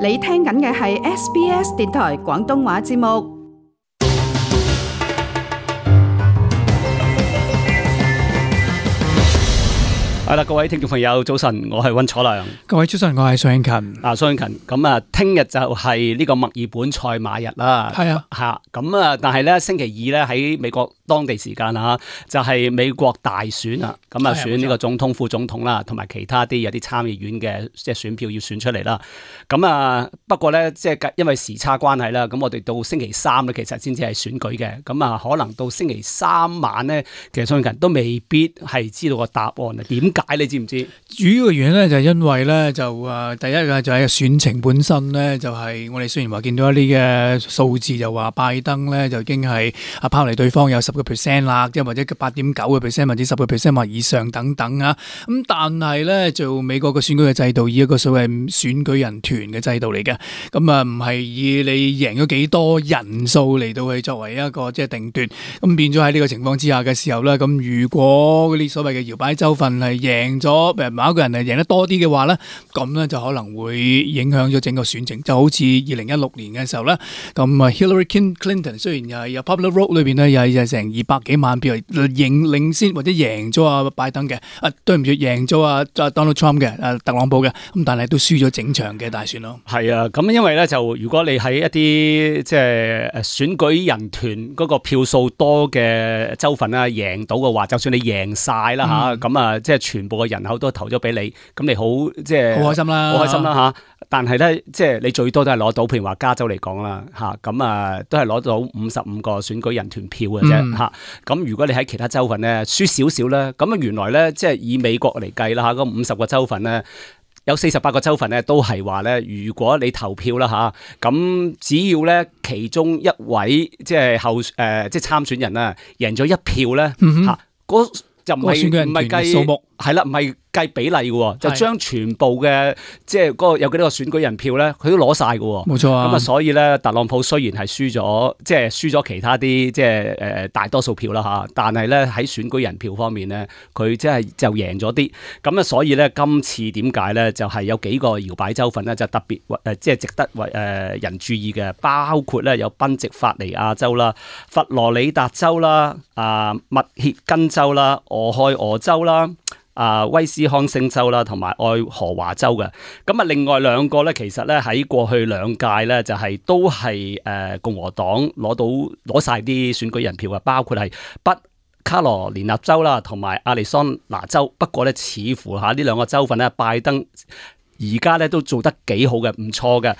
你聽緊嘅係 SBS 電台廣東話節目。係啦，各位聽眾朋友，早晨，我係溫楚良。各位早晨，我係蘇永勤。啊，蘇永勤，咁啊，聽日就係呢個墨爾本賽馬日啦。係啊，吓，咁啊，但係咧星期二咧喺美國。當地時間啊，就係、是、美國大選啊，咁啊選呢個總統、副總統啦，同埋其他啲有啲參議院嘅即係選票要選出嚟啦。咁啊，不過咧即係因為時差關係啦，咁我哋到星期三咧，其實先至係選舉嘅。咁啊，可能到星期三晚咧，其實香港人都未必係知道個答案啊。點解你知唔知？主要嘅原因咧，就係因為咧就啊，第一嘅就係、是、選情本身咧、就是，就係我哋雖然話見到一啲嘅數字，就話拜登咧就已經係啊拋離對方有十。percent 啦，即係或者八點九嘅 percent，或者十個 percent 或以上等等啊。咁但係咧，就美國嘅選舉嘅制度以一個所謂選舉人團嘅制度嚟嘅，咁啊唔係以你贏咗幾多人數嚟到去作為一個即係定奪。咁變咗喺呢個情況之下嘅時候咧，咁如果嗰啲所謂嘅搖擺州份係贏咗，譬如某一個人係贏得多啲嘅話咧，咁咧就可能會影響咗整個選情。就好似二零一六年嘅時候咧，咁啊 Hillary Clinton 雖然又係有 popular vote 裏邊咧又係成。二百幾萬票嚟，贏領先或者贏咗啊拜登嘅，啊對唔住，贏咗啊 Donald Trump 嘅啊特朗普嘅。咁但係都輸咗整場嘅大選咯。係啊，咁因為咧，就如果你喺一啲即係選舉人團嗰個票數多嘅州份啊贏到嘅話，就算你贏晒啦，吓，咁、嗯、啊，即係全部嘅人口都投咗俾你，咁你好即係好開心啦，好開心啦吓。啊但係咧，即係你最多都係攞到，譬如話加州嚟講啦，吓咁啊，都係攞到五十五個選舉人團票嘅啫，吓咁、嗯啊、如果你喺其他州份咧輸少少咧，咁啊原來咧即係以美國嚟計啦吓，咁五十個州份咧，有四十八個州份咧都係話咧，如果你投票啦吓，咁、啊、只要咧其中一位即係候誒即係參選人贏、嗯、哼啊贏咗一票咧吓，就唔係嗰個選舉人團嘅數目。係啦，唔係計比例嘅、啊，就將全部嘅即係嗰個有幾多個選舉人票咧，佢都攞曬㗎。冇錯啊！咁啊，所以咧，特朗普雖然係輸咗，即係輸咗其他啲即係誒大多數票啦嚇，但係咧喺選舉人票方面咧，佢即係就贏咗啲。咁啊，所以咧，今次點解咧，就係有幾個搖擺州份咧，就特別誒，即係值得為、呃、誒人注意嘅，包括咧有賓夕法尼亞州啦、佛羅里達州啦、啊密歇根州啦、俄亥俄州啦。啊，威斯康星州啦，同埋愛荷華州嘅，咁啊，另外兩個呢，其實呢喺過去兩屆呢，就係、是、都係誒、呃、共和黨攞到攞晒啲選舉人票嘅，包括係北卡羅萊納州啦，同埋亞利桑那州。不過呢，似乎吓呢兩個州份呢，拜登。而家咧都做得幾好嘅，唔錯嘅。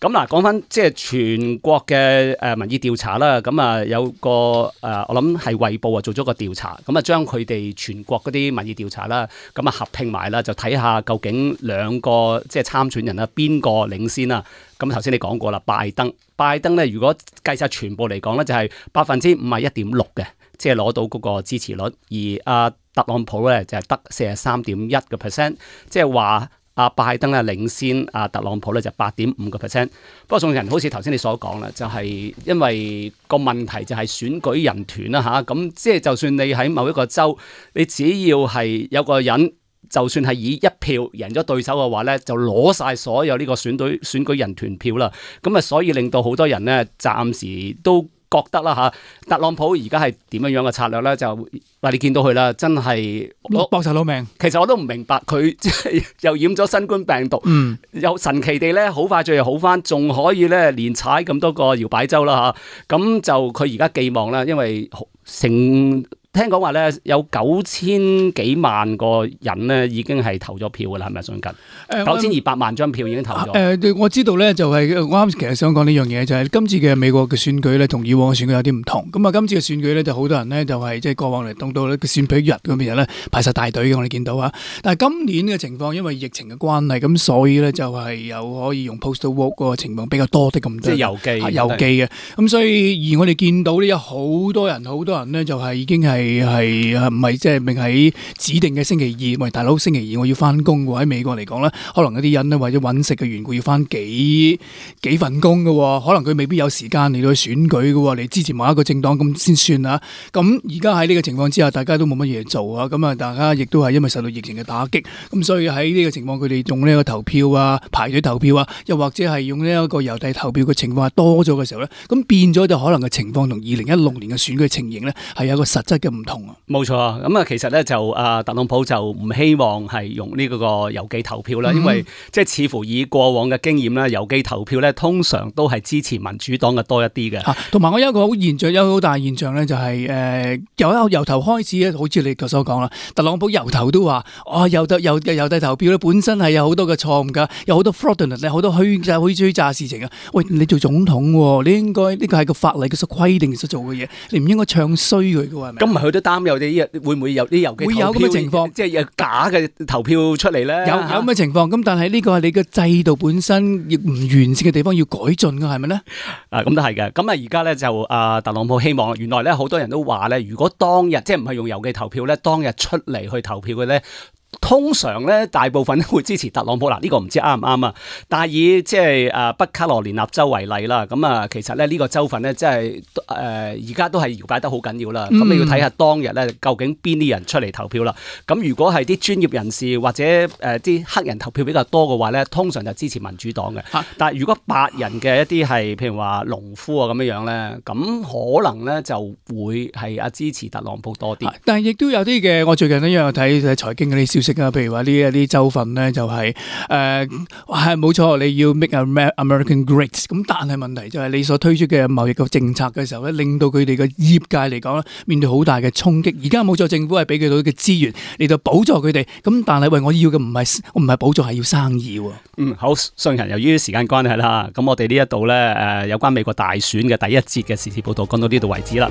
咁、嗯、嗱，講翻即係全國嘅誒民意調查啦。咁、嗯、啊，有個誒、呃，我諗係衛報啊做咗個調查，咁、嗯、啊將佢哋全國嗰啲民意調查啦，咁、嗯、啊合併埋啦，就睇下究竟兩個即係參選人啊邊個領先啊？咁頭先你講過啦，拜登，拜登咧如果計晒全部嚟講咧，就係百分之五啊一點六嘅，即係攞到嗰個支持率。而阿、啊、特朗普咧就係、是、得四十三點一個 percent，即係話。就是阿、啊、拜登咧，領先阿、啊、特朗普咧就八點五個 percent，不過眾人好似頭先你所講啦，就係、是、因為個問題就係選舉人團啦吓，咁、啊嗯、即係就算你喺某一個州，你只要係有個人，就算係以一票贏咗對手嘅話咧，就攞晒所有呢個選舉選舉人團票啦，咁啊、嗯、所以令到好多人咧暫時都。覺得啦吓，特朗普而家係點樣樣嘅策略咧？就嗱，你見到佢啦，真係搏晒老命。其實我都唔明白佢即係又染咗新冠病毒，嗯，又神奇地咧好快就又好翻，仲可以咧連踩咁多個搖擺州啦吓。咁、啊、就佢而家寄望啦，因為成。聽講話咧，有九千幾萬個人咧，已經係投咗票噶啦，係咪最近？九千二百萬張票已經投咗。誒、呃呃，我知道咧、就是，就係我啱，其實想講呢樣嘢就係今次嘅美國嘅選舉咧，同以往嘅選舉有啲唔同。咁啊，今次嘅選舉咧，就好多人咧、就是，就係即係過往嚟講到咧，選票日咁日咧，排晒大隊嘅，我哋見到啊。但係今年嘅情況，因為疫情嘅關係，咁所以咧就係有可以用 postal vote 嗰個情況比較多啲咁多，即係郵寄郵寄嘅。咁、啊、的所以而我哋見到呢，有好多人，好多人咧，就係已經係。係係啊，唔係即係明喺指定嘅星期二。喂，大佬星期二我要返工喎。喺美國嚟講咧，可能有啲人咧，為咗搵食嘅緣故要，要返幾幾份工嘅。可能佢未必有時間嚟到去選舉嘅。嚟支持某一個政黨咁先算啊。咁而家喺呢個情況之下，大家都冇乜嘢做啊。咁啊，大家亦都係因為受到疫情嘅打擊，咁所以喺呢個情況，佢哋用呢個投票啊、排隊投票啊，又或者係用呢一個郵遞投票嘅情況下多咗嘅時候咧，咁變咗就可能嘅情況同二零一六年嘅選舉情形咧，係有一個實質嘅。唔同啊，冇錯啊。咁啊，其實咧就啊，特朗普就唔希望係用呢個個郵寄投票啦，因為即係、嗯、似乎以過往嘅經驗咧，郵寄投票咧通常都係支持民主黨嘅多一啲嘅、啊。嚇，同埋我有一個好現象，有好大現象咧、就是，就係誒，由由由頭開始，好似你所講啦，特朗普由頭都話，哦、啊，由頭由由，由，郵遞投票咧，本身係有好多嘅錯誤噶，有好多 fraudulence 好多虛製虛追詐事情啊。喂，你做總統喎、哦，你應該呢個係個法例嘅規定所做嘅嘢，你唔應該唱衰佢嘅喎，係咪？佢都擔有啲呢日會唔會有啲郵寄投票？會有咁嘅情況，即係有假嘅投票出嚟咧。有有咁嘅情況，咁但係呢個係你嘅制度本身要唔完善嘅地方要改進㗎，係咪咧？啊，咁都係嘅。咁啊，而家咧就啊，特朗普希望原來咧好多人都話咧，如果當日即係唔係用郵寄投票咧，當日出嚟去投票嘅咧。通常咧，大部分咧會支持特朗普嗱，呢、這個唔知啱唔啱啊？但係以即係誒北卡羅連納州為例啦，咁啊，其實咧呢個州份咧，即係誒而家都係搖擺得好緊要啦。咁你要睇下當日咧究竟邊啲人出嚟投票啦。咁如果係啲專業人士或者誒啲黑人投票比較多嘅話咧，通常就支持民主黨嘅。啊、但係如果白人嘅一啲係譬如話農夫啊咁樣樣咧，咁可能咧就會係啊支持特朗普多啲，啊。但係亦都有啲嘅，我最近咧因為睇睇財經嗰啲消。啊，譬如話呢一啲州份咧，就是，就係，誒，係冇錯，你要 make American great 咁。但係問題就係你所推出嘅貿易嘅政策嘅時候咧，令到佢哋嘅業界嚟講咧，面對好大嘅衝擊。而家冇錯，政府係俾佢到嘅資源嚟到補助佢哋。咁但係喂，我要嘅唔係我唔係補助，係要生意喎。嗯，好，信人。由於時間關係啦，咁我哋呢一度咧，誒，有關美國大選嘅第一節嘅時事報道，講到呢度為止啦。